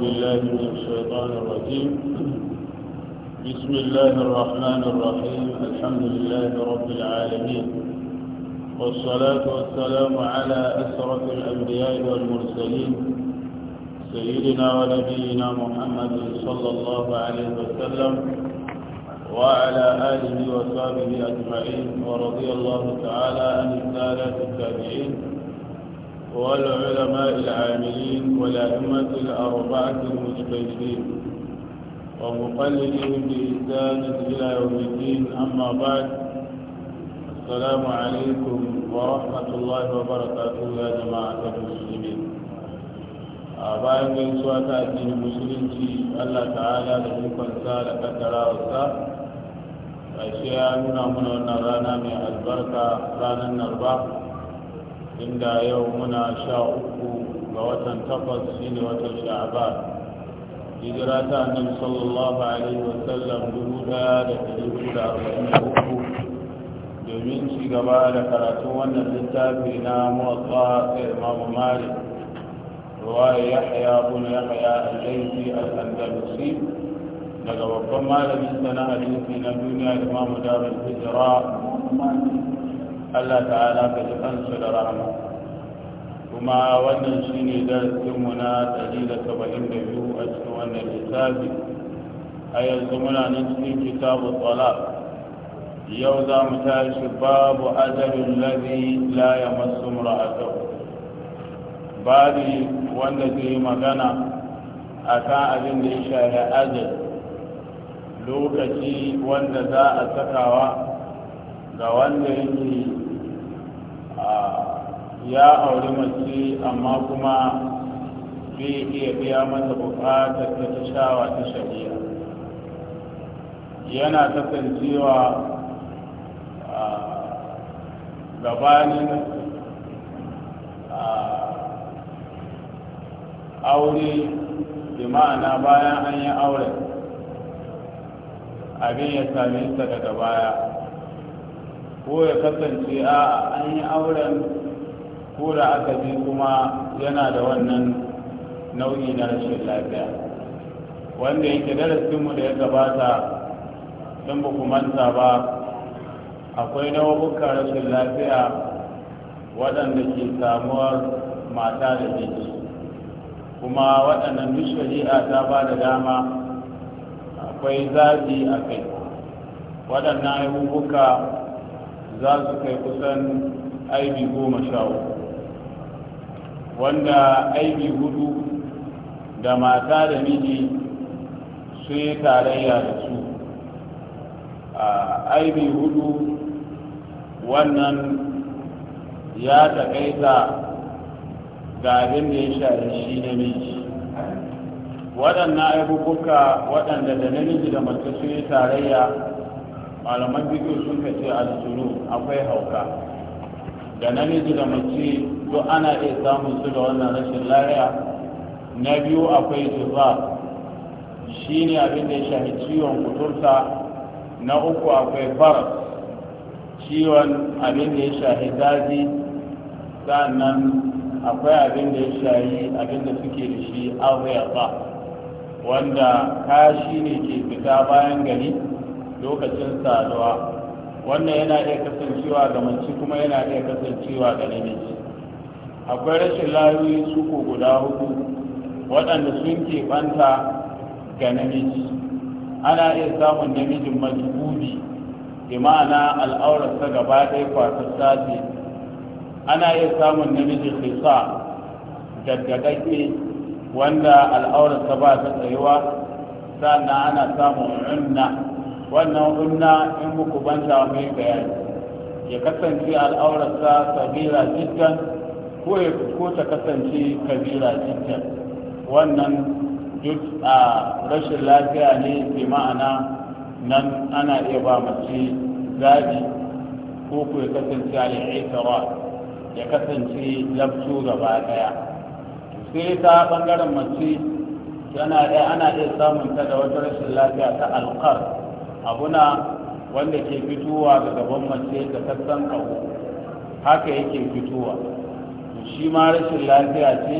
بالله من الشيطان الرجيم بسم الله الرحمن الرحيم الحمد لله رب العالمين والصلاة والسلام على أسرة الأنبياء والمرسلين سيدنا ونبينا محمد صلى الله عليه وسلم وعلى آله وصحبه أجمعين ورضي الله تعالى عن الثالث التابعين والعلماء العاملين والأئمة الأربعة المجتهدين ومقلدهم بإحسان إلى يوم الدين أما بعد السلام عليكم ورحمة الله وبركاته يا جماعة المسلمين bayan gaisuwa ta addinin musulunci allah ta'ala da ikonsa da kaddarawarsa ƙarshe ya nuna mana wannan rana mai albarka ranar narba inda yau muna sha uku ga watan takwas shine watan sha'aban hijira ta annabi sallallahu alaihi wasallam dubu daya da dari hudu da arba'in da uku domin ci gaba da karatun wannan littafi na muwatsa da imamu malik ruwaya yahya bin yahya al-laifi al-andalusi daga babban malamin sana hadisi na duniya imamu darul hijra Allah ta'ala ka ji kansu da rahama kuma wannan shi ne darasinmu na biyu a cikin wannan littafi a yanzu muna nan cikin kitabu tsala yau za mu tashi babu ajalin lazi la ya masu mura'atau bari wanda zai magana a kan abin da ya shafi ajal lokaci wanda za a sakawa ga wanda yake ya auri mace amma kuma bai iya biya mata bukatar ta ta shawa ta shari'a yana kasancewa gabanin aure bi ma'ana bayan an yi aure abin ya same ta daga baya ko ya kasance a an yi auren ko da aka ji kuma yana da wannan nau'i na rashin lafiya wanda yake darasinmu da ya gabata don ba ku manta ba akwai nau'ukan rashin lafiya waɗanda ke samuwar mata da jiki kuma waɗannan duk shari'a ta ba da dama akwai zafi a kai waɗannan abubuwa za su kai kusan aibi goma sha wanda aibi hudu da mata da miji su yi tarayya da su a aibi hudu wannan ya taƙaita ga abin da ya shari shi na miji waɗannan aibukuka waɗanda da namiji da mace su yi tarayya malaman bidiyo sun kace aljunu akwai hauka da na namiji da mace duk ana iya samun su da wannan rashin lariya. na biyu akwai zuba shi ne abin da ya shahi ciwon kuturta na uku akwai faras ciwon abin da ya shahi daji sannan akwai abin da ya shahi abin da suke da shi arzaya wanda kashi ne ke fita bayan gari lokacin saduwa wannan yana iya kasancewa ga mace kuma yana iya kasancewa ga namiji akwai rashin layoyi suko guda hudu waɗanda sun keɓanta ga namiji ana iya samun namijin majibubi bi ma'ana al'aurarsa gaba ɗaya kwasar ce ana iya samun namijin hisa gaggagagge wanda al'aurarsa ba ta tsayuwa sannan ana samun unna wannan unna in muku banta mai bayani ya kasance al'aurarsa kabira jiddan ko ya ta kasance kabira jiddan wannan duk a rashin lafiya ne bi ma'ana nan ana iya ba mace zaɓi ko ku ya kasance al'aitara ya kasance labtu gaba ɗaya sai ta ɓangaren mace ana iya samun ta da wata rashin lafiya ta alƙar abuna wanda ke fitowa daga gaban mace da sassan kawo haka yake fitowa shi ma rashin lafiya ce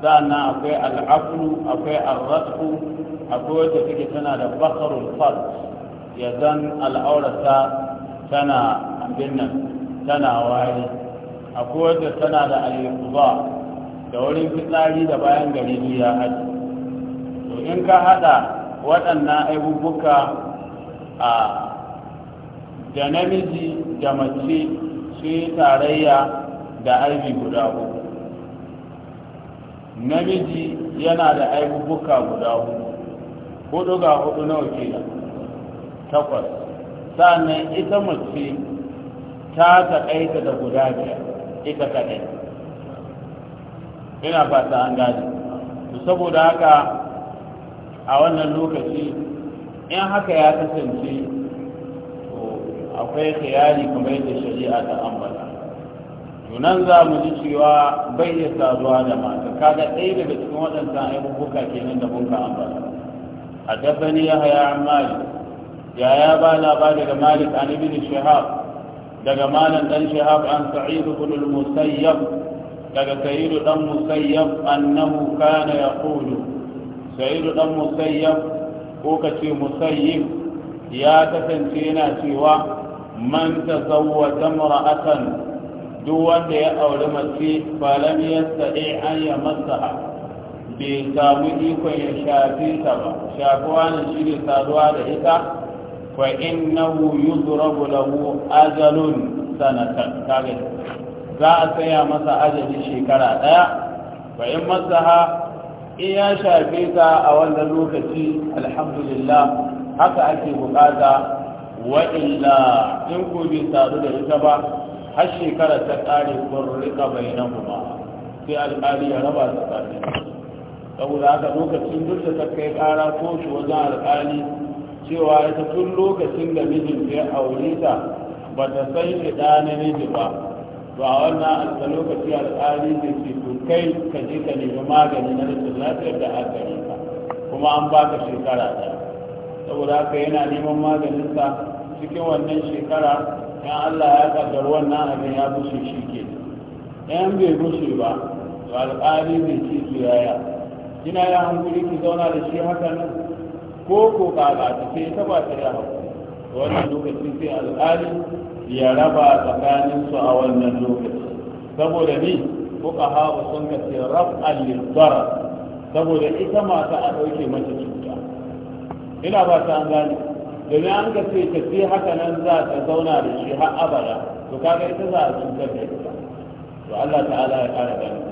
sannan akwai al'aflu akwai arrasku akwai wacce take tana da bakarul fal ya zan al'aurata tana abin nan tana wari akwai wacce tana da alikuba da wurin fitsari da bayan gari ya haɗu. to in ka haɗa waɗannan aibubuka a da namiji da mace su tarayya da aibi guda uku namiji yana da aibubuka guda uku hudu ga hudu nawa ke da takwas sannan ita mace ta taƙaita da guda biyar ita kaɗai ina fata an gaji saboda haka a wannan lokaci in haka ya kasance to akwai khiyari kamar da shari'a ta ambata tunan za mu ji cewa bai sa saduwa da mata kaga ɗaya daga cikin waɗansan abubuwa kenan da mun ka ambata حدثني يحيى ya ya ba يا بالا بالغ مالك عن ابن شهاب دغ مالك بن شهاب عن سعيد بن المسيب دغ سعيد بن مسيب انه كان يقول sa'idu بن مسيب ko ka ce musayyib ya kasance yana cewa man tazawwaja akan duk wanda ya auri mace falam yastati an yamassaha bai samu ikon ya shafe ta ba shafuwa ne shi ne saduwa da ita fa innahu yuzrabu lahu ajalun sanatan kage za a saya masa ajali shekara daya wa in masaha in ya shafe ta a wannan lokaci alhamdulillah haka ake bukata wa illa in ku bi sadu da ita ba har shekara ta kare burrika rika bayanan kuma sai alƙali ya raba su tsari saboda haka lokacin duk da ta kai ƙara ko shi wajen alƙali cewa ita tun lokacin da mijin ya aure ta ba ta san shi ɗa na miji ba to a wannan a lokaci alƙali da ke to kai ka je ka nemi magani na rashin lafiyar da aka yi ka kuma an baka shekara ɗaya saboda haka yana neman maganinsa cikin wannan shekara in Allah ya kaddar wannan abin ya bushe shi ke in bai bushe ba to alƙali bai ce to yaya kina ya hankuri ki zauna da shi haka nan ko ko ka ta sai ta ba ta ya hankuri wannan lokacin sai alƙali ya raba tsakaninsu a wannan lokacin, saboda ni kuka hawa sun ka ce raf'an lilbara saboda ita mata a ɗauke mata cuta ina ba ta an gane domin an ka ce ta ce haka nan za ta zauna da shi har abada to kaga ita za a cutar da ita to Allah ta'ala ya kara gani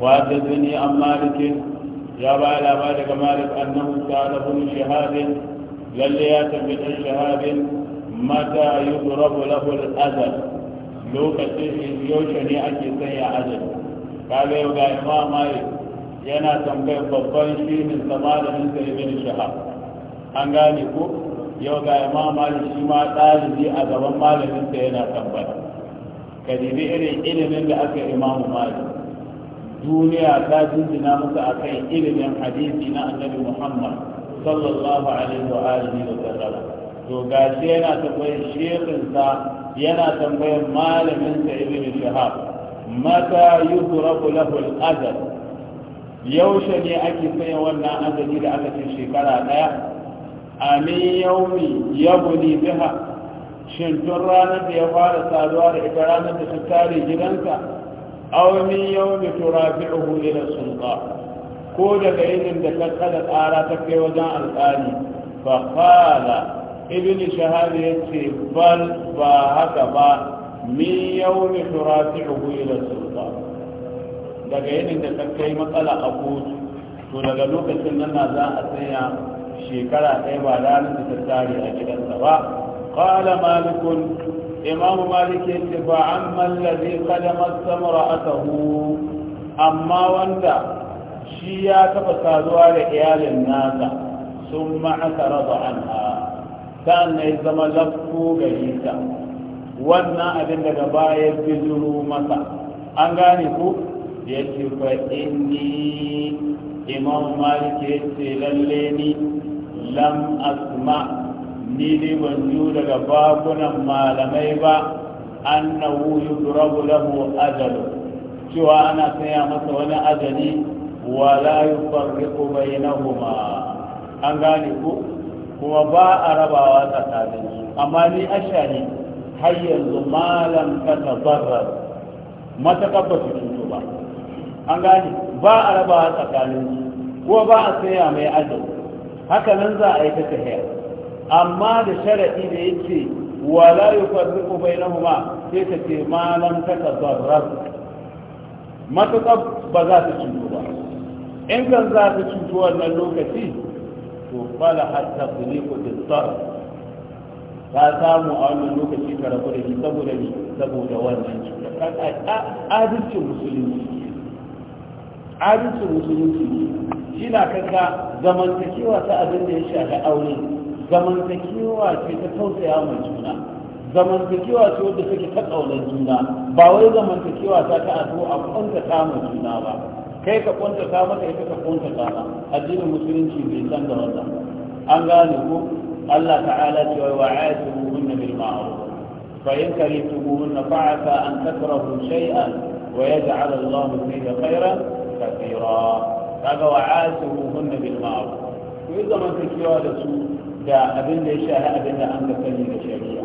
wa tazini an malikin ya ba labari daga malik annahu ta'ala bin shahadin lalle ya tabbatar shahadin mata yudrabu lahu al azal, lokacin yaushe ne ake sanya azab kaga yau ga imam malik yana tambayar babban shehin samarin sa ibn shaha. an gane ko yau ga imam malik shi ma ɗalibi a gaban malaminsa yana tambaya ka dibi irin ilimin da aka imamu malik duniya ta jinjina a kan ilimin hadisi na annabi muhammad sallallahu alaihi wa alihi wa sallam to gashi yana tambayar shekinsa yana tambayar malamin sa ibn shahab mata yudrabu lahu al-ajal yaushe ne ake sanya wannan azali da aka ce shekara daya amin yaumi yabuni biha shin tun ranar da ya fara saduwa da ita ranar da ta tare gidansa aw yaumi turafi'uhu ila sulta ko daga yinin da ta tsara ta kai wajen alƙali fa qala ibn shahab ya ce ba haka ba min yawmi turasihu ila sulta daga yinin da ta kai matsala a kotu to daga lokacin nan na za a tsaya shekara ɗaya ba ranar da ta tare a gidansa ba qala malikun imam malik ya ce ba amma allazi qadama samra'atahu amma wanda shi ya taba saduwa da iyalin nasa sun ma'aka raba anha sa'an ya zama lafko gari ta wannan abin daga baya bizuru masa an gane ku ya ce fa inni imam malik ya ce lalle ni lam asma ni ne ban ju daga bakunan malamai ba An na annahu durabu lahu ajalu cewa ana saya masa wani ajali wala yufarriqu bainahuma an gane ku kuma ba a rabawa tsakanin amma ni ashari har yanzu malam ka tabarrar matakar ba su cuto ba an gane ba a rabawa tsakanin kuma ba a saya mai ajo haka nan za a yi ta tahiya amma da sharaɗi da yake wala yi farriku bai na huma sai ka ce malam ka tabarrar matakar ba za ta cuto ba in kan za ta cutu wannan lokaci to bala hatta tuliku bisar ta samu a wannan lokaci ka rabu da shi saboda ni saboda wannan cuta adalcin musulunci adalcin musulunci shi na kanka zamantakewa ta abin da ya shafi aure zamantakewa ce ta tausaya mai juna zamantakewa ce wadda take ta ƙaunar juna ba wai zamantakewa ta ta a zo a kwanta ta juna ba kai ka kuntata mata ita ka kuntata ma addinin musulunci bai san da wannan an gane ku. Allah ta'ala ce wa wa'atuhunna bil ma'ruf fa in karituhunna fa'asa an takrahu shay'an wa yaj'al Allah fihi khairan kathira kaga wa'atuhunna bil ma'ruf Ku idan man kiyawa da su da abin da ya shahi abin da an ga sani da shari'a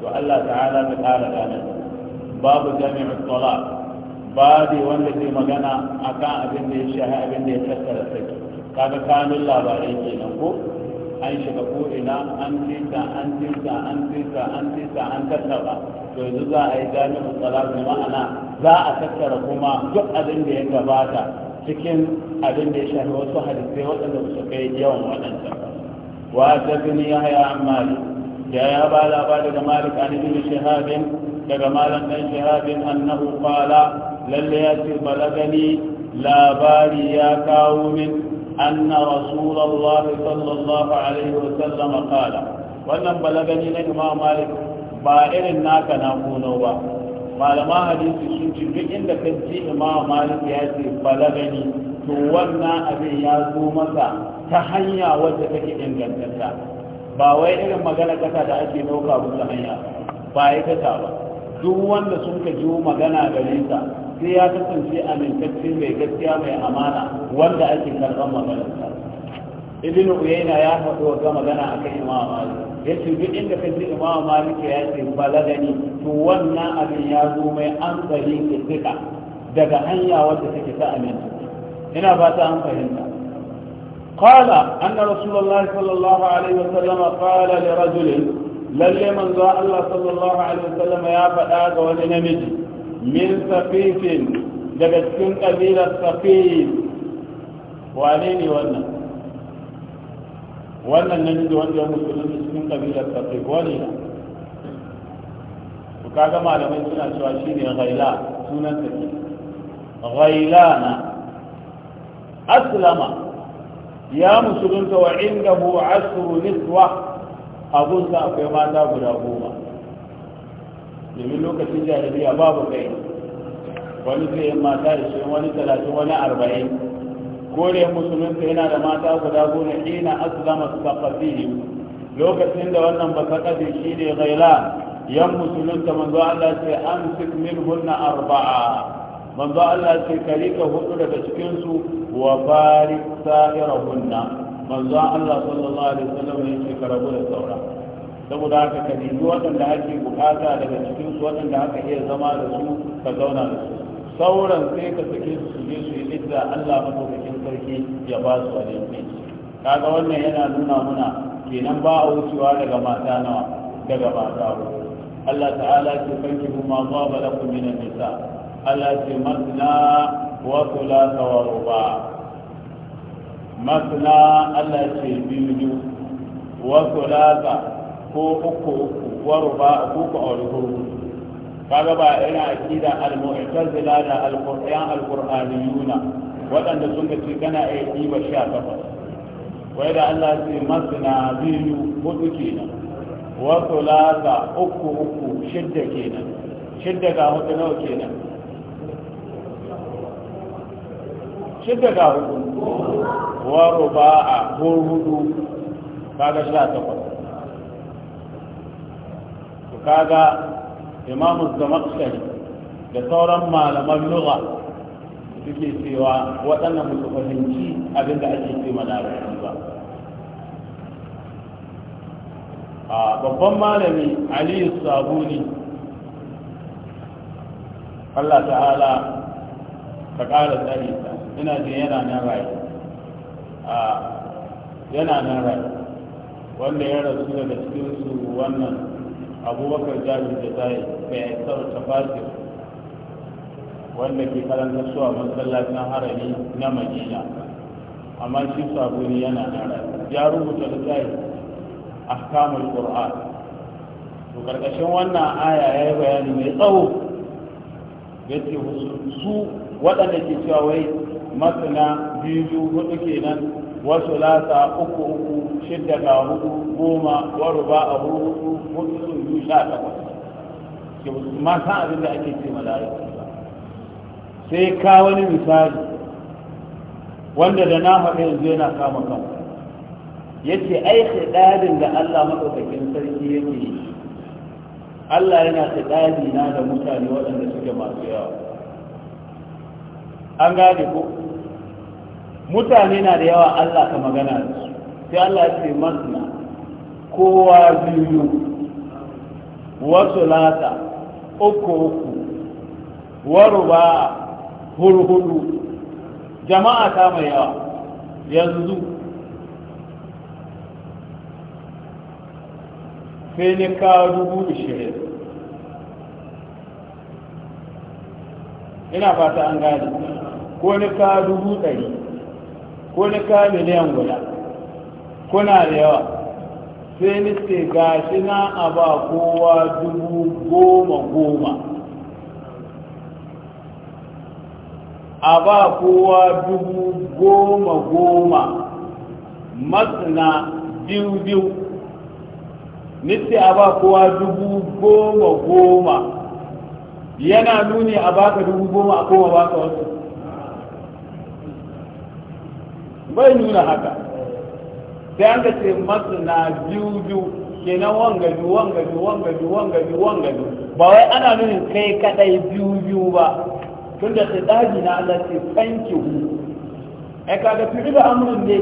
to Allah ta'ala ta kara da nan babu jami'ul talaq babu wanda zai magana a kan abin da ya shahi abin da ya tattara saki kaga kanun labarai kenan ko an shiga ko ina an tisa an tisa an tisa an tisa an tattara to yanzu za a yi jami'in salatu ma'ana za a tattara kuma duk abin da ya gabata cikin abin da ya shafi wasu hadisai waɗanda su kai yawan waɗanda wa tabbini ya haya an malik ya ya ba labari da malik an ibn shahabin daga malam dan shahabin annahu qala lalle ya ce balagani labari ya kawo min anna rasulullahi sallallahu alaihi wa sallam qala wannan balagani na imam malik ba irin naka na kuno ba malama hadisi sun ce duk inda kan ji imam malik ya ce balagani to wannan abin ya zo masa ta hanya wadda take ingantatta ba wai irin magana kasa da ake dauka musu hanya ba ya kasa ba duk wanda sun ka jiwo magana gare sa sai ya kasance amintacce mai gaskiya mai amana wanda ake karɓar maganarsa ibn uyayna ya faɗo wata magana a imam malik yace duk inda ka ji imam malik ya ce balagani to wannan abin ya zo mai an tsari kittika daga hanya wanda take ta aminta ina fata an fahimta قال أن رسول الله صلى الله عليه وسلم قال لرجل للي من الله صلى الله عليه وسلم يا فتاة ولنمجي min safifin daga cikin ƙabilar safif wane ne wannan wannan na da wanda ya musulunci cikin ƙabilar safif wane na ku kaga malamai suna cewa shi ne ghaila sunan sake ghaila na aslama ya musulunta wa inda hu asru niswa abunsa akwai mata guda goma domin lokacin jarabiya babu kai wani zai yin mata da shi wani talatin wani arba'in kore musulunta yana da mata guda goma ina masu sakafihim lokacin da wannan kafin shi ne gaila yan musulunta manzo Allah ce an sik min hunna arba'a manzo Allah ce ka rika hudu daga cikinsu wa wa sa'ira hunna manzo Allah sallallahu alaihi wasallam ne ce ka da saura saboda haka ka nemi waɗanda ake bukata daga cikin su waɗanda aka iya zama da su ka zauna da su sauran sai ka sake su su je su yi idda Allah madaukakin sarki ya ba su alinci kaga wannan yana nuna muna kenan ba a wucewa daga mata nawa daga mata Allah ta'ala ce fanki kuma ma ba da ku mina nisa Allah ce masna wa thulatha wa ba. masna Allah ce biyu biyu. wa thulatha ko uku uku wa ba ko ku aure gurgu kaga ba ina akida al-mu'tazila da al-qur'an al-qur'aniyuna wadanda sun ga kana ai diba 18 wai da Allah sai masna biyu hudu kenan wasu thulatha uku uku shidda kenan shidda ga hudu nawa kenan shidda ga hudu ba ruba'a hudu kaga 18 kaga imamu zamakshari da sauran malaman lura suke cewa waɗannan musu fahimci abin da ake ce larabci ba a babban malami aliyu sabuni allah ta'ala ka ƙara tsari ina jin yana nan rai yana nan rai wanda ya rasu daga cikinsu wannan abubakar jami'in da zai mai aikar tafasir wanda ke karanta masallacin harami na madina amma shi sabuni yana nara ya rubuta littafi a kamar ƙur'an to karkashin wannan aya ya yi bayani mai tsawo ya ce su waɗanda ke cewa wai masana biyu hudu kenan wasu lasa uku uku shidda ga goma wa ruba a hudu hudu sun biyu sha takwas ke san abin da ake ce mala'ika sai ka wani misali wanda da na haɗu yanzu yana kama kama ya ce ai ɗadin da Allah sarki yake Allah yana ɗadi na da mutane waɗanda suke masu yawa an gane mutane na da yawa Allah ka magana da su sai Allah ce masna kowa biyu wasu lata uku uku waruba hurhudu jama'a ta mai yawa yanzu sai ni kawo dubu ishirin ina fata an gane ko ni ka dubu ɗari ko na ka miliyan guda kuna da yawa sai ni ce gashi na a ba kowa dubu goma goma a ba kowa dubu goma goma matsina biyu biyu nitti a ba kowa dubu goma goma yana nuni a baka dubu goma a koma baka wasu bai nuna haka sai an ce masu na biyu biyu kenan wangaju wangaju wangaju wangaju wangaju ba wai ana nunin kai kadai biyu biyu ba tunda sai daji na Allah ce thank you ai kaga fi da amrun ne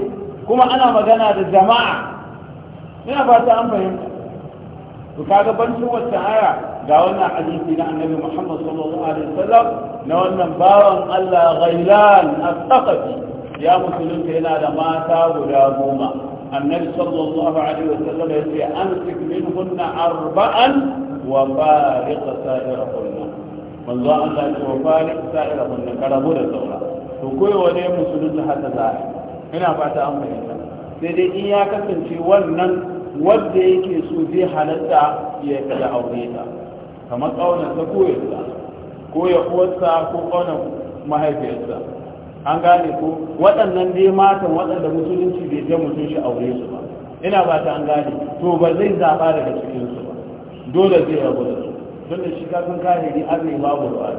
kuma ana magana da jama'a ina fata an fahimta to kaga bancin wata aya ga wannan hadisi na annabi Muhammad sallallahu alaihi wasallam na wannan bawan Allah ghailan as-saqafi ya musulunta yana da mata guda goma annabi sallallahu alaihi wa sallam ya ce an min hunna arba'an wa fariq sa'ira hunna manzo Allah ya ce wa fariq sa'ira hunna karabu da saura to koyo ne musulunta haka za ina fata an fahimta sai dai in ya kasance wannan wanda yake so zai halatta ya kada aure ta kamar kaunar ta koyarsa ko ya uwarsa ko kaunar mahaifiyarsa an gane ko waɗannan dai matan waɗanda musulunci bai je mutum shi aure su ba ina ba ta an gane to ba zai zaɓa daga cikin su ba dole zai rabu da su don da shi kafin kahiri an ne babu ruwa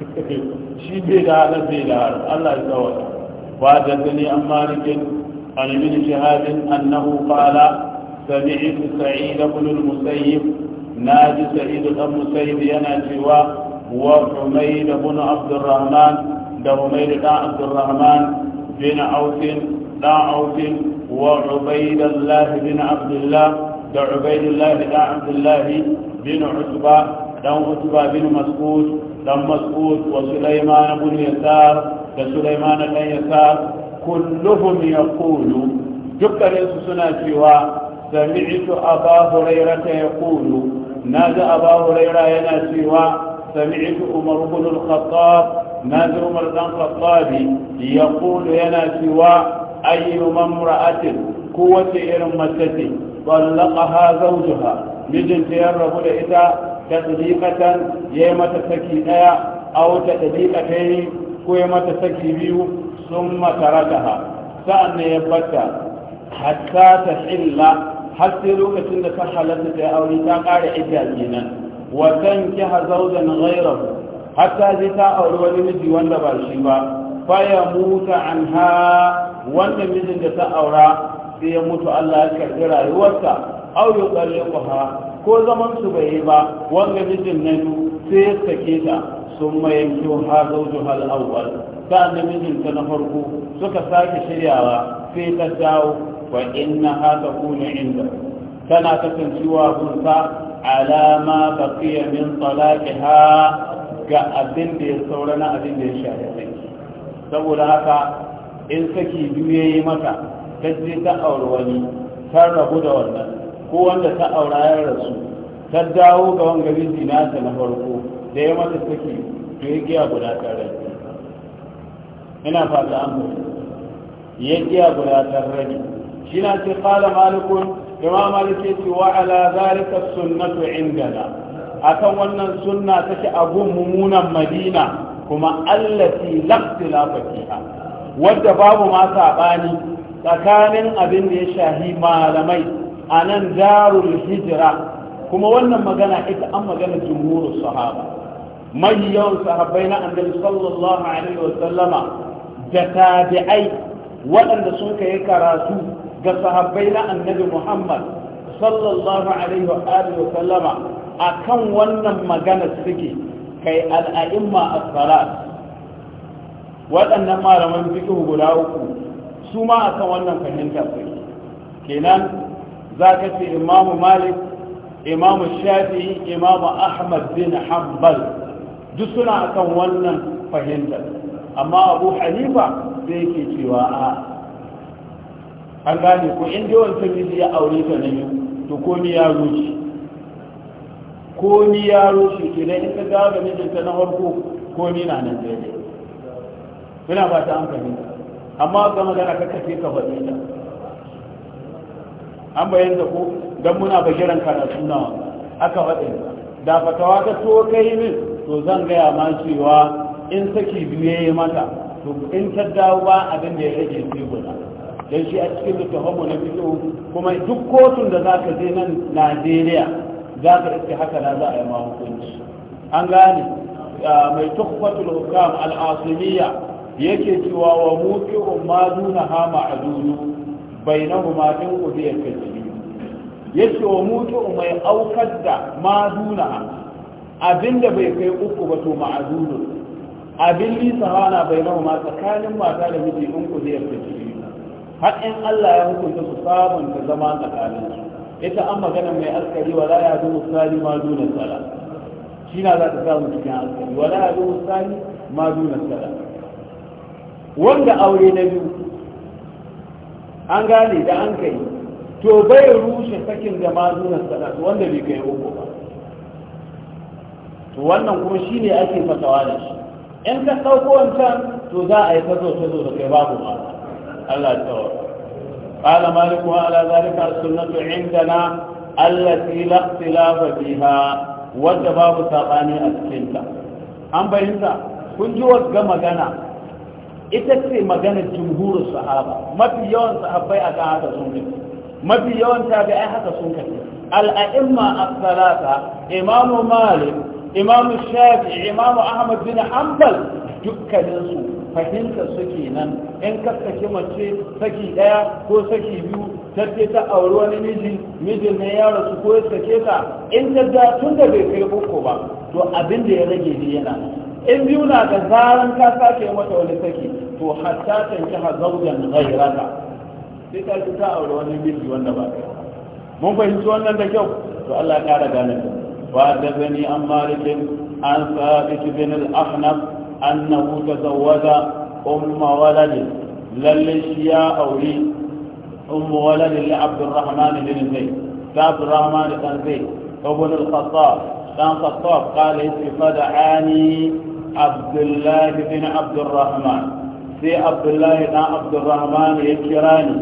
shi bai da halar bai da halar Allah ya tsawata wa dangane an malikin an min shahadin annahu qala sami'tu sa'id ibn al-musayyib naji sa'id ibn musayyib yana cewa وحميد بن عبد الرحمن ده حميد دا عبد الرحمن بن عوف دا عوف وعبيد الله بن عبد الله ده عبيد الله دا عبد الله بن عتبة ده عتبة بن مسعود ده مسعود وسليمان بن يسار ده سليمان بن يسار كلهم يقول دكتور سنة سوى سمعت أبا هريرة يقول نادى أبا هريرة ينا سوى سمعت عمر بن الخطاب نادر عمر بن الخطاب يقول ينا سوى أي امرأة قوة إرمتتي طلقها زوجها مجن تيرب لإتا تطليقة يما تسكي أو تطليقتين كويما تسكي بيو ثم تركها سأن يبتا حتى تحل حتى لوكة تحلت تأولي تقارئ إجازينا wa ki hazaudan ghayra hatta zita ta auri wani miji wanda ba shi ba fa ya muta anha wanda mijin da ta aura sai ya mutu Allah ya karbi rayuwarsa aw yuqalliquha ko zaman su bai yi ba wanda mijin na sai ya sake ta sun yanzu ha zawjuha al-awwal ta da ta na farko suka sake shiryawa sai ta dawo wa inna ha takunu inda tana kasancewa kunsa. Alama ma baqiya min talaqiha ga abin da ya saura na abin da ya shafi sai saboda haka in saki biyu yayi maka ta je ta aure wani ta rabu da wannan ko wanda ta aura ya rasu ta dawo ga wanga miji nata na farko da ya mata saki to ya giya guda ta rage ina fata an mutu ya giya guda ta rage shi na ce kala malikun imam malik ce wa ala zalika sunnatu indana akan wannan sunna take abun mummunan madina kuma allati laqtilafa fiha wadda babu ma sabani tsakanin abin da ya shahi malamai a nan darul hijira kuma wannan magana ita an magana jumhurus sahaba mai yawan sahabbai na annabi sallallahu alaihi sallama da tabi'ai waɗanda sun yi karatu ga sahabbai na annabi muhammad sallallahu alaihi wa sallama a kan wannan magana suke kai al'a'imma a salat waɗannan malaman fiqh guda uku su ma a kan wannan fahimta suke kenan za zaka ce imamu malik imamu shafi'i imamu ahmad bin hanbal duk suna a kan wannan fahimtar amma abu hanifa sai ke cewa a an gane ko in dai wancan sun ya aure ta na yi to ko ni ya rushe ni ya rushe ke da in ka ne da mijinta na farko ni na nan daidai ina ba ta amfani amma ga magana ka kace ka faɗi ta an da ko dan muna bakiran ka da suna aka faɗi da fatawa ta to kai min to zan gaya ma cewa in saki biye mata to in ta dawo ba abin da ya rage sai guda dan shi a cikin da littafanmu na fito kuma duk kotun da za ka je nan najeriya za ka iske haka na za a yi ma an gane mai tukfatul hukam al'asimiyya yake cewa wa muki umma duna ha ma'adunu bainahu ma din ubiyar kaji yace wa muki mai aukar da ma duna abinda bai kai uku ba to ma'adunu abin lisa hana bai bainahu ma tsakanin mata da miji in ubiyar kaji har in Allah ya hukunta su sabon ta zama tsakanin su ita an magana mai askari wa ya zo musali ma duna sala shi na za ta samu cikin askari wa ya zo musali ma duna sala wanda aure na biyu an gane da an kai to bai rushe sakin da ma duna sala wanda bai kai uku ba to wannan kuma shi shine ake fatawa da shi in ka sauko wancan to za a yi ta tazo da kai babu ba Allah tsawon قال مالك وعلى ذلك السنة عندنا التي لا اختلاف فيها وجباب ثقاني أسكنتا an bayyanta kun ji ga magana ita ce maganar jumhurin sahaba mafi yawan sahabbai a kan haka sun kai mafi yawan tabi'ai haka sun kai al'a'imma a salata imamu malik imamu shafi'i imamu ahmad bin hanbal dukkaninsu. fahimta suke nan in kaskashe mace saki daya ko saki biyu tafi ta auri wani miji mijin ne ya rasu ko ya sake ta in ta da tun da bai kai uku ba to abin da ya rage ne yana in biyu na da zaran ka sake mata wani saki to hatta ta ki hazaujan rata sai ta ta auri wani miji wanda ba kai mun fahimci wannan da kyau to Allah ya kara gane ba da bani an malikin an sabit bin al-ahnaf أنه تزوج أم ولد للشياء لي أم ولد لعبد الرحمن بن زيد عبد الرحمن بن زيد ابن الخطاب كان خطاب قال فدعاني عبد الله بن عبد الرحمن في عبد الله بن عبد الرحمن يكراني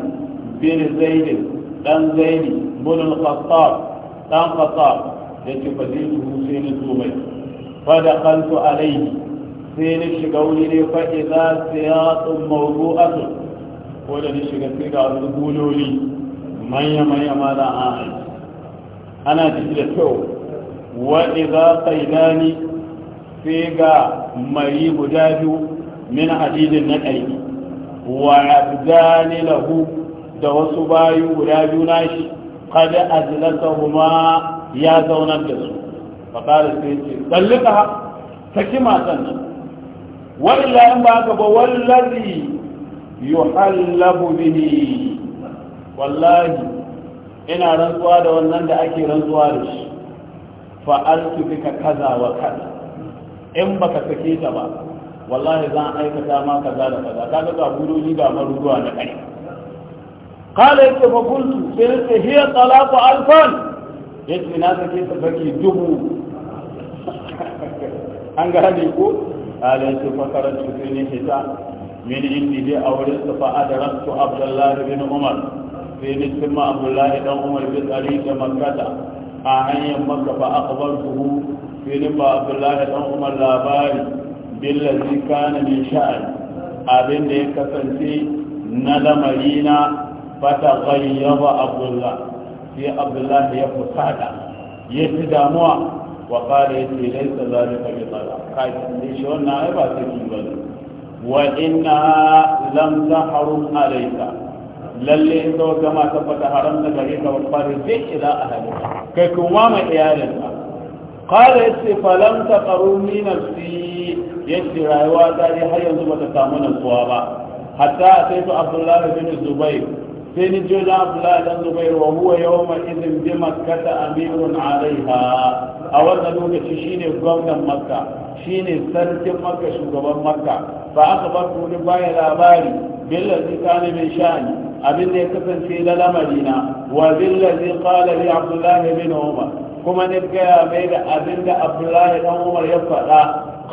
بن زيد بن زيد بن الخطاب كان خطاب يتفديته سين الزومي فدخلت عليه sai na shiga wuri ne faɗi za su yatsun mawuzu'atu ko da na shiga sai ga wasu buloli manya-manya ma da an ana ciki da kyau waɗi za na ni sai ga mari guda biyu min hadidin na ƙarfi wa abdani lahu da wasu bayu guda biyu nashi kada azlasa huma ya zaunar da su faƙarar sai ce tsallika saki matan nan walla in ba ka ba wallazi yuhallabu bihi wallahi ina rantsuwa da wannan da ake rantsuwa da shi fa'altu bika kaza wa kaza in baka sake ta ba wallahi zan aikata ma kaza da kaza ka ga budoji ga maruwa da kai قال يك فقلت سيرت هي طلاق ألفان يجب أن هذا كيف بكي دبو أنقى هذه يقول halin su fakarar cikin nishita min indi dai a wurin su fa'a da rasu bin umar sai ni cimma abdullahi dan umar bi tsari da makkata a hanyar makka fa akbar suhu sai ni ba abdullahi dan umar labari billazi kana min sha'an abin ya kasance na lamari na fata ghayyaba abdullah sai ya fusata damuwa wa qala yace laysa zalika bi talaq kai ne shi wannan ai ba saki bane wa inna lam tahrum alayka lalle in ka wata mata fata haramta gare ka wa qala zai ila ahlika kai kuma ma iyalinka qala yace falam taqaruni nafsi yace rayuwa ta har yanzu bata samu nutsuwa ba hatta sai to abdullahi bin zubair sai ni jola abdullahi dan zubair wa huwa yawma idin bi makkata amirun alaiha a wannan lokaci shine gwamnan makka shine sarkin makka shugaban makka fa aka bar ni baya labari billazi kana min sha'ani abin da ya kasance na lamarina wa billazi qala li abdullahi bin umar kuma ni gaya mai da abin da abdullahi dan umar ya faɗa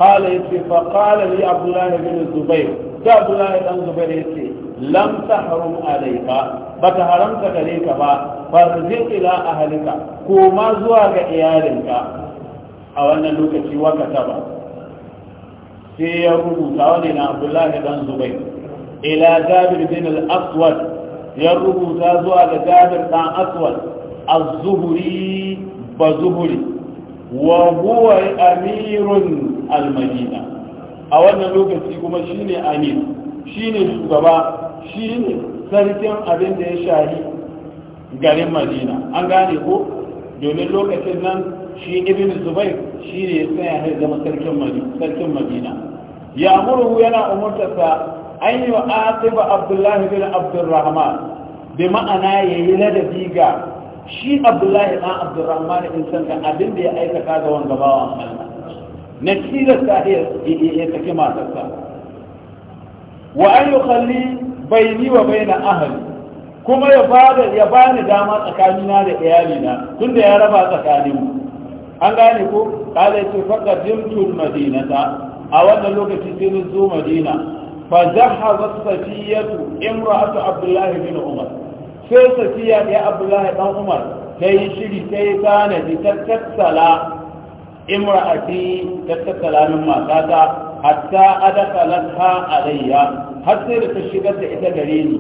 qala yace fa qala li abdullahi bin zubair sai abdullahi dan zubair yace lam tahrum alayka bata haramta gare ka ba su farji ila ahlika ko ma zuwa ga iyalinka a wannan lokaci wa kataba sai ya rubuta wani na abdullahi dan zubai ila jabir bin al-aswad ya rubuta zuwa ga jabir dan aswad az-zuhri ba zuhri wa huwa amirun al-madina a wannan lokaci kuma shine amir shine shugaba shi ne sarkin abin da ya shayi garin madina an gane ko domin lokacin nan shi ibn zubai shi ne ya tsaya har zama sarkin madina ya murhu yana umurtarsa an yi wa ba abdullahi bin abdurrahman bi ma'ana ya yi ladabi ga shi abdullahi ɗan abdurrahman da san da abin da ya aikata ga wanda bawan na cizar ya saki matarsa wa an yi baini wa baina ahli kuma ya bada ya bani dama tsakanina da iyalina tunda ya raba tsakaninmu an gane ko kala ce faka madinata a wannan lokaci sai ni zo madina fa zahaza safiyatu imra'atu Abdullahi bin umar sai safiya ya Abdullahi dan umar ta yi shiri ta yi tanadi ta tattala imra'ati ta tattala min matata hatta adakalatha alayya har sai da ta shigar da ita gare ni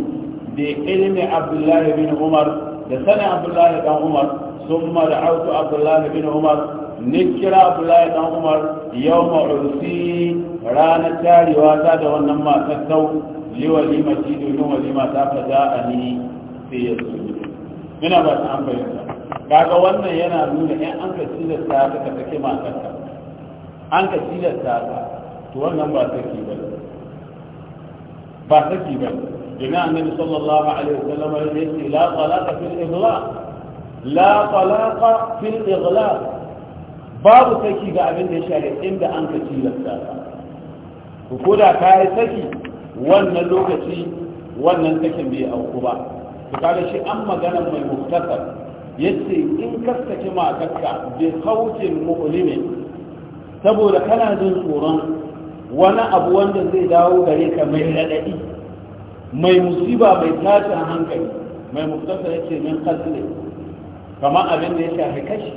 da ilmi abdullahi bin umar da sanin abdullahi dan umar sun mara'autu abdullahi bin umar ni kira abdullahi dan umar yau ma'ursi ranar tarewa ta da wannan matar sau li walima ci domin walima ta fa za a ni sai ya suni ina ba ta an kaga wannan yana nuna in an ka tilasta ka ka sake matar an ka tilasta ka to wannan ba sake ba فاتجبا ان النبي صلى الله عليه وسلم يقول لا طلاق في الإغلاق لا طلاق في الإغلاق باب تكيب عبد الشارع عند أنك تيل السابع وكذا كاي تكي وانا اللوكة وانا انتكم بي أو قبع فقال شيء أما جنب من مختصر يتسي إن كفت ما كفت بخوت مؤلم تبو لكنا دون صورا wani abu wanda zai dawo gare ka mai raɗaɗi mai musiba mai tashin hankali mai muktasa ya ce min kasle kamar abin da ya shafi kashi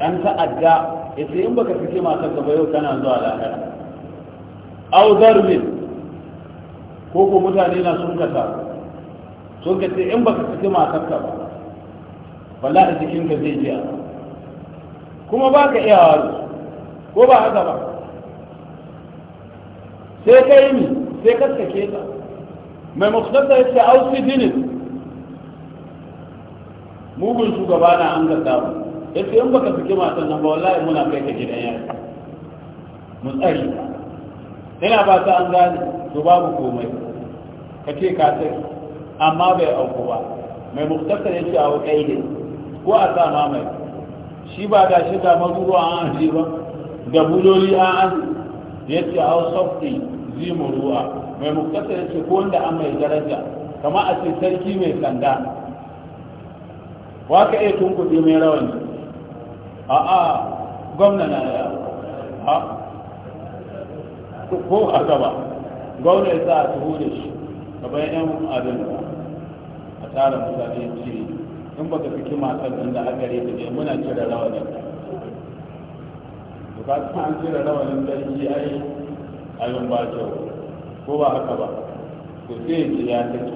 ɗan ta'adda ya ce in baka fice masu gaba yau kana zuwa lahira auzar min ko ko mutane na sun kasa sun ka ce in baka fice masu gaba wallahi jikinka zai jiya kuma ba ka iya ko ba haka ba sai ka yi ni sai ka sake ta mai mafisarta ya ce ausi dinin mugun shugaba na an gaggawa ba ya ce in baka suke matan nan ba wallahi muna kai ka gidan yari mu tsari yana ba ta an gane to babu komai ka ce ka tsari amma bai auku ba mai muktasar ya ce a wakai ne ko a sa mamaye shi ba da shi da mazuruwa an aji ba da buloli an an ya ce a wasu zimu ruwa mai muktasa ya ce ko wanda an mai daraja kama a ce sarki mai sanda wa ka iya tunkuɗi mai rawani a a gwamna na ya ha ko a gaba gwamna ya sa a tuhu da shi gaban yan abin a tsara mutane ya ce in baka fi matan da aka rike ne muna cire rawanin ka ka an cire rawanin da a yi. ba kwato ko ba haka ba to sai ya ce ya take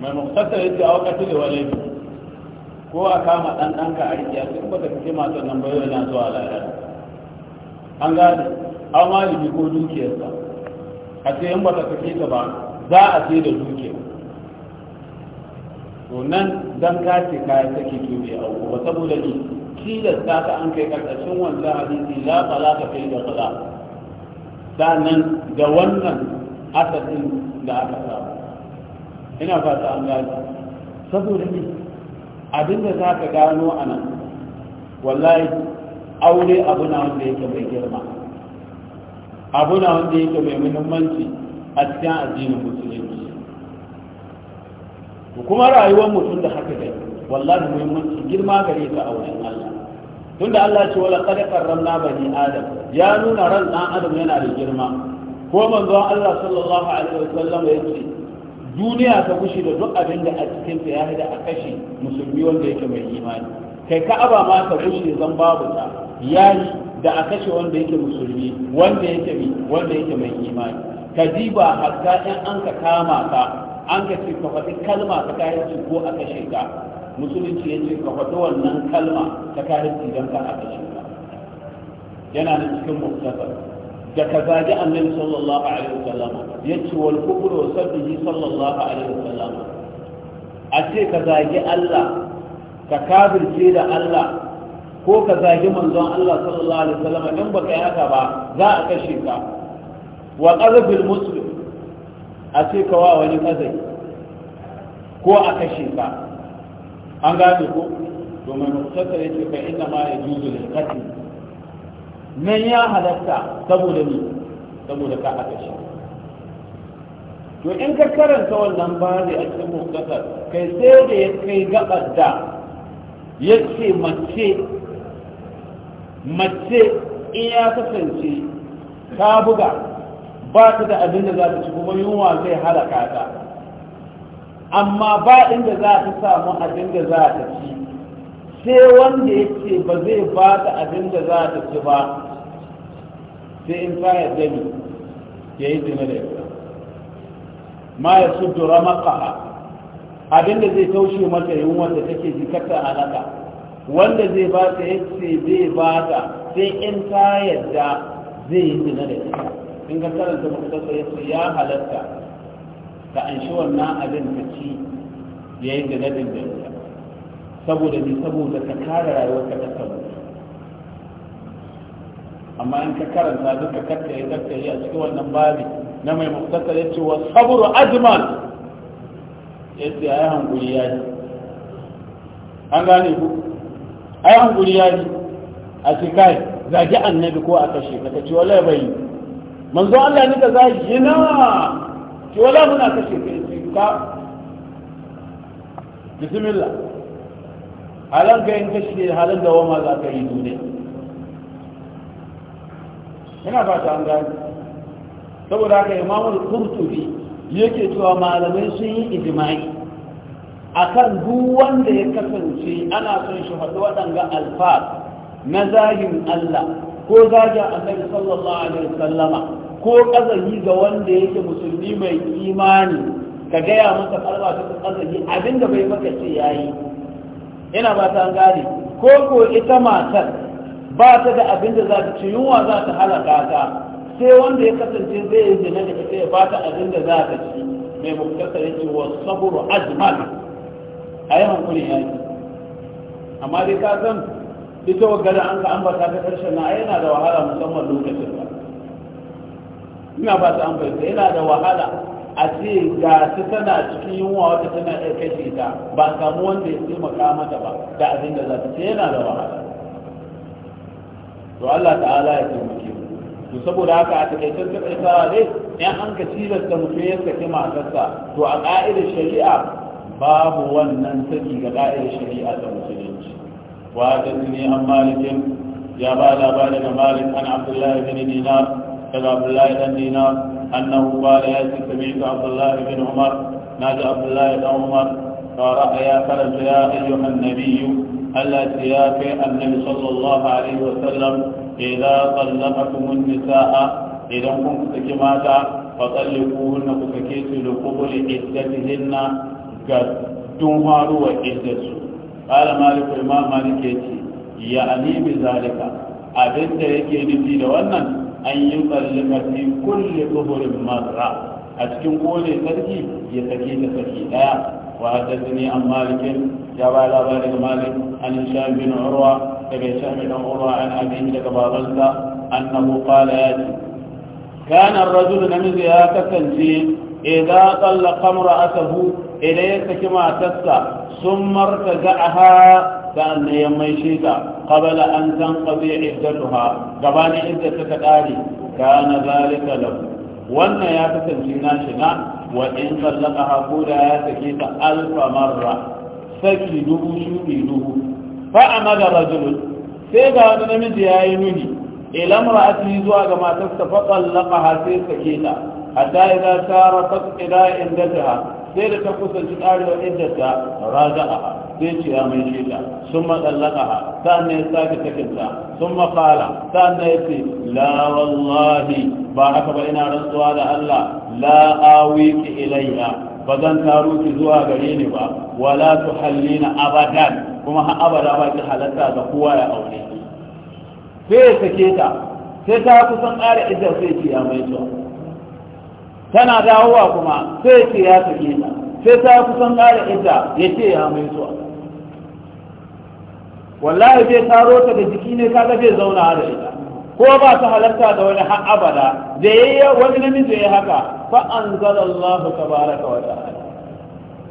mai muktasa ya ce a wakati da wale ko a kama ɗan ɗanka a rikiya sun baka kake masu nan bayo yana zuwa lahira an gane an malimi ko dukiyarsa a ce in ta kake ta ba za a ce da dukiya to nan dan ka ce ka saki tobe, bai auku ba saboda ni tilasta ka an kai karkashin wancan hadisi la ta fil da talaka sanan da wannan asalin da aka samu ina fata an gani saboda ne abinda za ka gano a nan wallahi aure abu na wanda yake mai girma abu na wanda yake mai muhimmanci a cikin addinin musulunci kuma rayuwar mutum da haka dai wallahi muhimmanci girma gare ta auren Allah tunda Allah ce wala qad karramna bani adam ya nuna ran dan adam yana da girma ko manzo Allah sallallahu alaihi wasallam ya ce duniya ta kushi da duk abin da a cikin ta ya da a kashe musulmi wanda yake mai imani kai aba ma ta kushi zan babu ta yayi da a kashe wanda yake musulmi wanda yake bi wanda yake mai imani kadiba hatta in an ka kama ka an ka ce ka faɗi kalma ta kayan ko a kashe ka musulunci ya ce ka faɗi wannan kalma ta kafirci don ka shi yana da cikin muktasar da ka zaji annabi sallallahu alaihi wasallam ya ce wal wa sabbihi sallallahu alaihi wasallam a ce ka zagi Allah ka kafirce da Allah ko ka zagi manzon Allah sallallahu alaihi wasallam in baka yi haka ba za a kashe ka wa muslim a ce ka wa wani kazai ko a kashe ka an gane ko domin muktasar yake fa inda ma ya juzu da kati nan ya halatta saboda ni saboda ka aka shi to in ka karanta wannan ba da a cikin muktasar kai sai da ya kai gabar da ya ce mace mace in ya kasance ta buga ba ta da abin da za ta ci kuma yunwa zai halaka ta amma ba inda za ta samu abin da za ta ci sai wanda ya ce ba zai ba ta abin da za ta ci ba sai in ta ya zami ya yi zina da ita ma ya su maka makaha abin da zai taushe mata yunwa da take jikata a naka wanda zai ba ta ya ce zai ba ta sai in ta yadda zai yi zina da ita in ka karanta mutasar ya halatta ka an shi wannan abin ka ci da nadin na dindinta saboda ni saboda ka kare rayuwar ka ta samu amma in ka karanta duka ya kattaye a cikin wannan babi na mai muktasar yace wa sabru azman yace ayi hankuri yayi an gane ku ayi hankuri yayi a ce kai zagi annabi ko a kashe ka ta ce wallahi bai manzo Allah ne ka zagi na ki wala muna kashe kai ki ka bismillah halan ka in kashe halan da wama za ka yi duniya ina fata an gani saboda haka imamu kurtubi yake cewa malamai sun yi ijma'i akan duk wanda ya kasance ana son shi faɗi waɗanga alfa na zagin Allah ko zagin annabi sallallahu alaihi wasallama ko kazahi ga wanda yake musulmi mai imani ka gaya masa kalma ta abin abinda bai maka ce yayi ina ba ta gane ko ko ita matar ba ta da abinda za ta ci yunwa za ta halaka ta sai wanda ya kasance zai yi jina da ita ya ba ta abinda za ta ci mai muktasar yake wa saburu ajmal a yi hankuli amma dai ka san ita wa gada an ka ambata ta karshen na yana da wahala musamman lokacin ba ina ba ta amfani yana da wahala a ce ga su tana cikin yunwa wata tana iya kashe ta ba samu wanda ya taimaka mata ba da abin da za ta ce yana da wahala to Allah ta'ala ya taimake mu to saboda haka a takaicen takaitawa dai in an ka tilasta mutum ya saki matarsa to a ka'idar shari'a babu wannan saki ga ƙa'idar shari'a ta musulunci wa ta tuni an malikin ya ba labarin malik an abdullahi bin dinar daga abdullahi dan dinar annahu qala ya ce sami'tu abdullahi bin umar naji abdullahi dan umar qara ya karanta ya ayyuhan nabiyyu Allah ya kai annabi sallallahu alaihi wa sallam idza sallamakum nisaa idan kun saki mata fatsalli kuhunna ku sake su da kubuli iddatihinna ga dunharuwa iddatsu ƙala maliku imam malik ya ce ya zalika abin yake nufi da wannan an yi tsallika fi kulle tsohorin mazra a cikin kowane sarki ya sake ta sake daya wa ne an malikin ya ba labarin malik an hisham bin urwa daga sha bin urwa an abin daga babansa annahu qala yati kana ar-rajul namiji ya kasance idza tallaqa imra'atahu idan ya saki matarsa sun a aha sa'an ne ya mai shi ta qabala an tanqadi iddatuha gabanin idda ta kare kana zalika lahu wannan ya kasance na shi na wa in sallaka ko da ya sake ta alfa marra saki dubu shudi dubu fa amada rajul sai ga wani namiji yi nuni ila mar'ati zuwa ga matarsa fa ha sai sake ta hatta idan sara qad ila indataha sai da ta kusanci ƙarewa iddarta raja'aha sai ce ya mai shida sun ha sa'an ya sake takinta sun mafala sa'an ya ce la wallahi ba haka ba ina rantsuwa da Allah la ki ilayya ba zan taro ki zuwa gare ni ba wala tu hallina abadan kuma har abada ba ki halatta ga kowa ya aure sai ya sake ta sai ta kusan ƙara idda sai ce ya mai tuwa tana dawowa kuma sai ce ya sake ta sai ta kusan ƙara ita ya ce ya mai zuwa wallahi zai taro ta da jiki ne kaga zai zauna da ita ko ba ta halarta da wani har abada da yayi wani namiji ya haka fa anzalallahu tabaraka wa ta'ala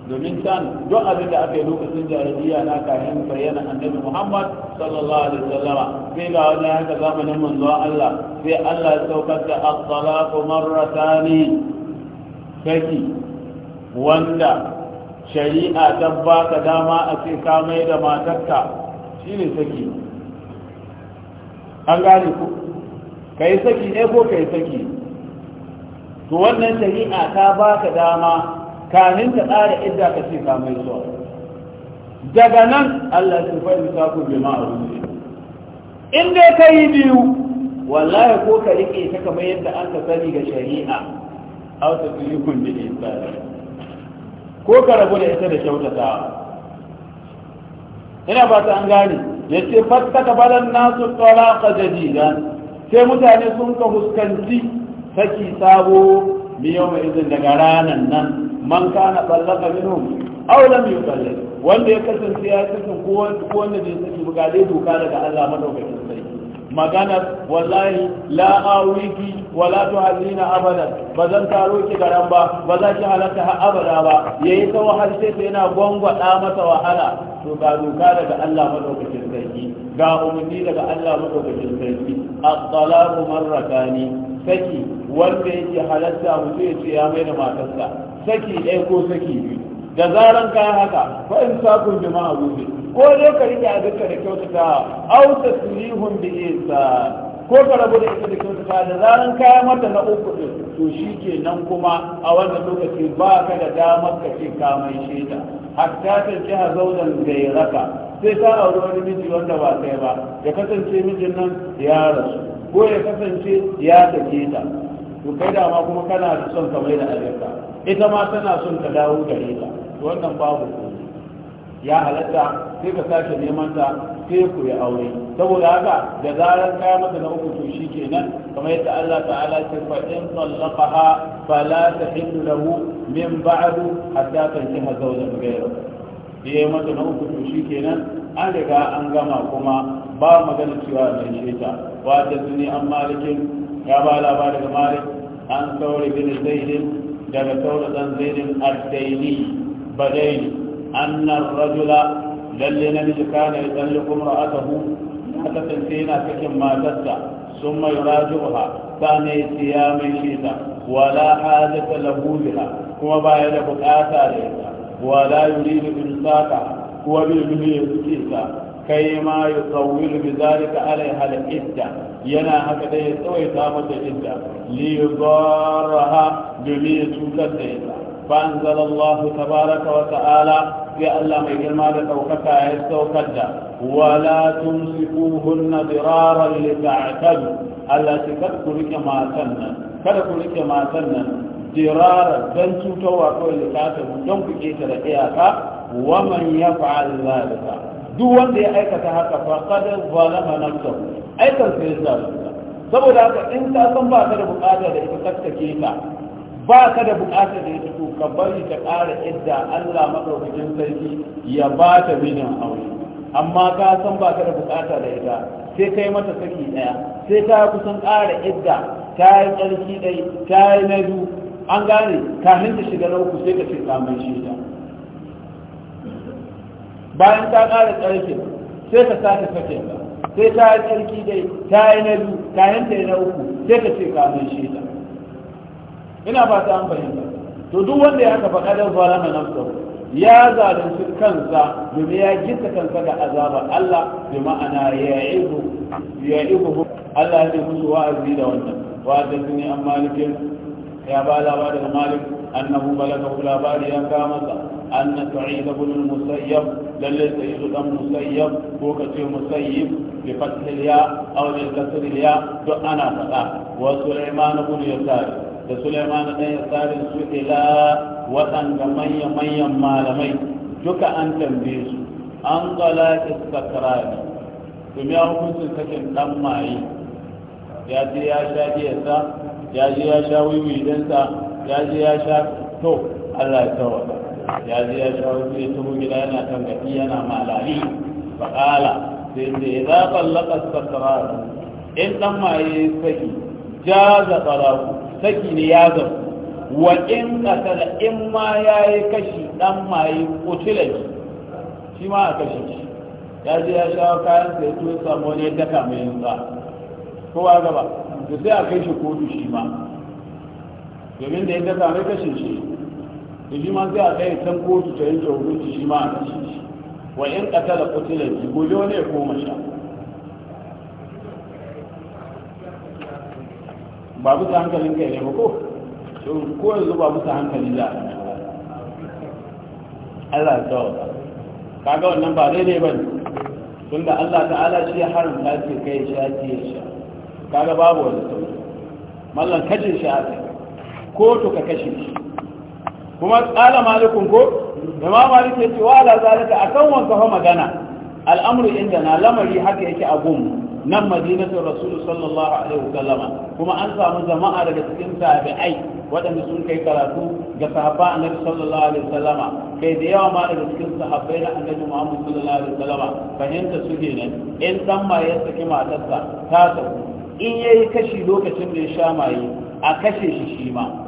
domin can don abin da aka yi lokacin jahiliya na kafin bayyana annabi Muhammad sallallahu alaihi wasallama sai ga wani haka zamanin manzo Allah sai Allah ya saukar da at-talaq marratani saki wanda shari'a ta baka dama a ce ka mai da matarka shine saki an gane ku kai saki ne ko kai saki to wannan shari'a ta baka dama kamin ka tsara idda ka ce ka zuwa daga nan Allah ya fa yusa ku bi ma'ruf in dai kai biyu wallahi ko ka rike ta kamar yadda an ka sani ga shari'a aw ta kun da islam ko ka rabu da ita da kyautata ina ba ta an gane ce fattaka balan nasu talaqa jadidan sai mutane sun ka fuskanci saki sabo biyo mai izin daga ranar nan man kana tsallaka minhum aw lam yusallil wanda ya kasance ya kasance ko wanda bai saki ba ga dai doka daga Allah madaukakin sarki maganar wallahi la awiki wala tuhazina abadan ba zan taro ki garan ba ba za ki halatta ha abada ba yayi ta wahal sai ta yana gwangwada masa wahala to ga doka daga Allah madaukakin sarki ga umarni daga Allah madaukakin sarki at-talaqu marratani saki wanda yake halatta mutu ya ce ya mai da matarsa saki ɗaya ko saki biyu da zaran kayan haka fa in sakun bi gobe ko dai ka rike a dukkan da kyautata aw taslihun bi isa ko ka rabu da ita da kyautata da zaran kayan mata na uku din to nan kuma a wannan lokaci ba ka da damar ka ce ka mai shaida hatta ta ce ha zaunan gairaka sai ta auri wani miji wanda ba kai ba ya kasance mijin nan ya rasu ko ya kasance ya sake ta to kai da ma kuma kana da son ka mai da ajarta ita ma tana son ka dawo gare ta to wannan babu komai ya halatta sai ka sake neman ta sai ku yi aure saboda haka da zarar kayan mata na uku to shikenan kamar yadda Allah ta'ala ce fa in sallaqaha fala tahillu lahu min ba'du hatta tankiha zawjan ghayra sai mata na uku to shikenan an riga an gama kuma ba magana cewa mai sheta wa ta suni an malikin ya ba labarin daga malik an sauri bin zaidin daga sauri dan zaidin addaini badaini annar rajula lalle namiji kana ya tsalle kuma ra'atahu ya kasance yana cikin matarsa sun mai rajuha ta ne siya mai sheta wala hajata lahu biha kuma baya da bukata da ita wala yuri yuridu saka. kowa bai nuna ya suke kai ma ya tsawil bi zalika alai hal idda yana haka da ya tsawaita mata idda li yudaraha domin ya cutar da ita fa anzalallahu tabaraka wa ta'ala sai Allah mai girma da ɗaukaka ya saukar da wala tumsikuhunna diraran li ta'tadu Allah ce kada ku rike matan nan kada ku rike matan nan diraran dan cutarwa kawai da ta'tadu don ku keta da iyaka wa man yaf'al duk wanda ya aikata haka fa qad na nafsahu aikan sai ya saboda haka in ka san ba ka da bukata da ita kaskake ka ba ka da bukata da ita to ka bari ta kara idda Allah madaukakin sarki ya ba ta binin aure amma ka san ba ka da bukata da ita sai kai mata saki daya sai ka kusan ƙara idda ta yi tsarki dai ta yi na biyu an gane kafin ta shiga na uku sai ka ce mai shi bayan ta ƙara tsarki sai ta sake sake ta sai ta yi tsarki dai ta yi na biyu ta yi na uku sai ta ce ka mai shi ta ina ba ta an fahimta to duk wanda ya haka faɗa da zuwa na nafsa ya zalunci kansa domin ya gita kansa da azabar Allah bi ma'ana ya ibu ya ibu Allah ya musu wa'azi da wannan wa'azi ne an malikin ya ba labarin malik أنه بلغه لا يا كامسة أن سعيد بن المسيب للي سيد بن المسيب بوكة مسيب بفتح الياء أو للكسر الياء دعنا فتا وسليمان بن يسار سليمان بن يسار سئلا وأن مي مي مالمي جك أن تنبيس أن طلاق السكران ثم يأخذ سكن دمائي ya ce ya sha jiyarsa ya je ya ya je ya sha to Allah ya tawaka ya je ya sha wasu ya tuhu gida yana kan gafi yana malali faƙala sai ce ya za ballaka sassararu in ɗan maye saki ja za tsararu saki ne ya zafi wa in da in ma ya yi kashi ɗan maye kutilaki shi ma a kashe shi ya je ya sha kayan sai to ya samu wani ya daka mai yin ba kowa gaba to sai a kai shi kotu shi ma domin da ya dasa kashin kashe shi da shi ma zai a tsaye can kotu ta yanke hukunci shi ma a kashe shi wa in da kutilan shi gobe wani ya koma sha ba bisa hankalin kai ne ba ko ko yanzu ba bisa hankali da. a Allah ta wata kaga wannan ba daidai ba ne da Allah ta'ala shi ya haramta ce kai shi ya ce ya sha kaga babu wani sauki mallan kajin shi kai ko to ka kashe shi kuma tsala malikun ko da ma malik ya ce wa ala zalika akan wanka fa magana al'amru inda na lamari haka yake a gun nan madinatul rasul sallallahu alaihi kuma an samu jama'a daga cikin tabi'ai waɗanda sun kai karatu ga sahaba annabi sallallahu alaihi kai da yawa ma daga cikin sahabbai na annabi muhammad sallallahu alaihi fahimta su ne nan in dan ma ya saki matarsa ta tafi in yayi kashi lokacin da ya sha maye a kashe shi shi ma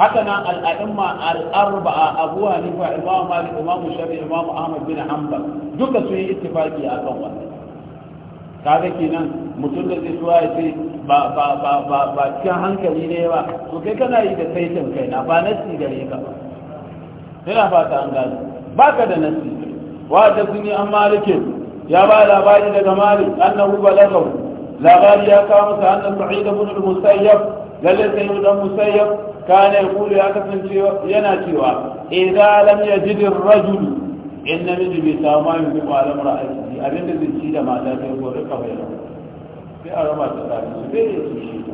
haka الأئمة الأربعة أبوها abu hanifa مالك malik imamu shafi أحمد بن bin hanbal duka sun yi ittifaki a kan wannan kaga kenan mutum da zai suwa ya ba ba ba ba ba cikin hankali ne ba to kai kana yi da saitin kai na ba nasi gare ka ba ina fata an gano ka da nasi wa da sun an malike ya ba labari daga malik annahu balaghahu labari ya kawo masa annabi sa'id ibn al-musayyab lalle sai mu dan musayyab kana yaqulu ya kasance yana cewa idza lam yajid ar-rajul in namiji bai samu mai alam ra'ayi aiki abinda zai ci da mata sai ko rika bayar sai a rama ta tsari su bai yi shi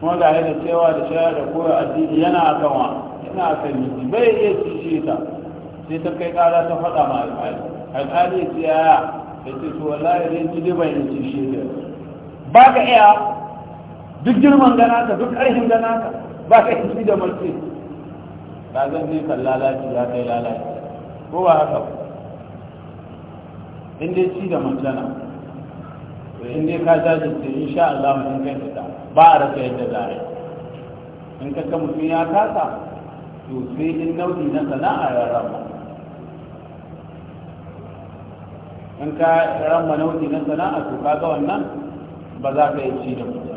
kuma da yadda cewa da shayar da koya addini yana akan wa yana akan miji bai iya ci ta sai ta kai kara ta faɗa ma alƙali al'ali ya ce ya ya ce to wallahi zai ci dai bai ci shi da ba ka iya duk girman gana ka duk ƙarfin gana ka ba ka yi da mace ba zan zai kan lalaci ya kai lalaci ko ba haka ba in dai ci da mace na to in dai ka jajirce in sha Allah mutum kai fita ba a rasa yadda za a yi in ka ga mutum ya kasa to sai in nau'i na sana'a ya rama in ka rama nau'i na sana'a to ka ga wannan ba za ka yi ci da mutum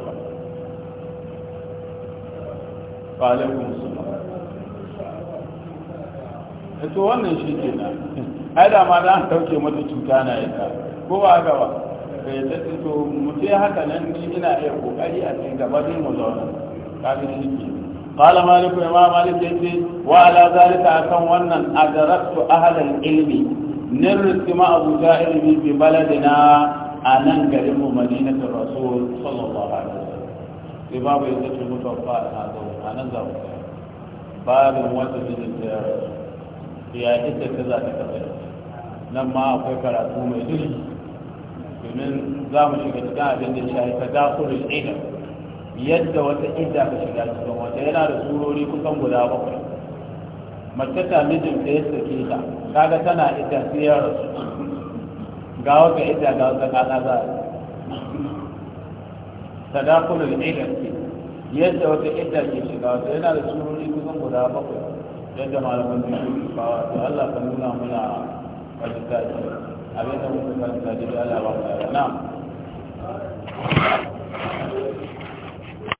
falakun suna ito wannan shi ke na haida ma da an dauke mata cuta na ita ko ba haka ba bai ta to mutu ya haka nan ni ina iya kokari a cikin gaba zai mu zauna kafin shi ke قال مالك يا مالك يجي وعلى ذلك أكون ونن أدركت أهل العلم نرس ما أبو جاهل ببلدنا أنا نقرم مدينة الرسول صلى الله عليه وسلم imamu ya zace mutuwa ba a zaune a nan za mu Ba babin wanda wata ta da ya ita ta za ta kasar nan ma akwai karatu mai duri domin za mu shiga cikin abin da shi ta dakurin ina yadda wata idda ka shiga cikin wata yana da surori kusan guda bakwai mace ta mijin ta ya sake ta kaga tana idda sai ya rasu ga wata idda ga wata kasa za a tadakulul ilm ke yadda wata idda ke shiga wata yana da surori kusan guda bakwai yadda malaman da shi ba to Allah ka nuna muna fahimta ce abin da muka fahimta da Allah ba ka na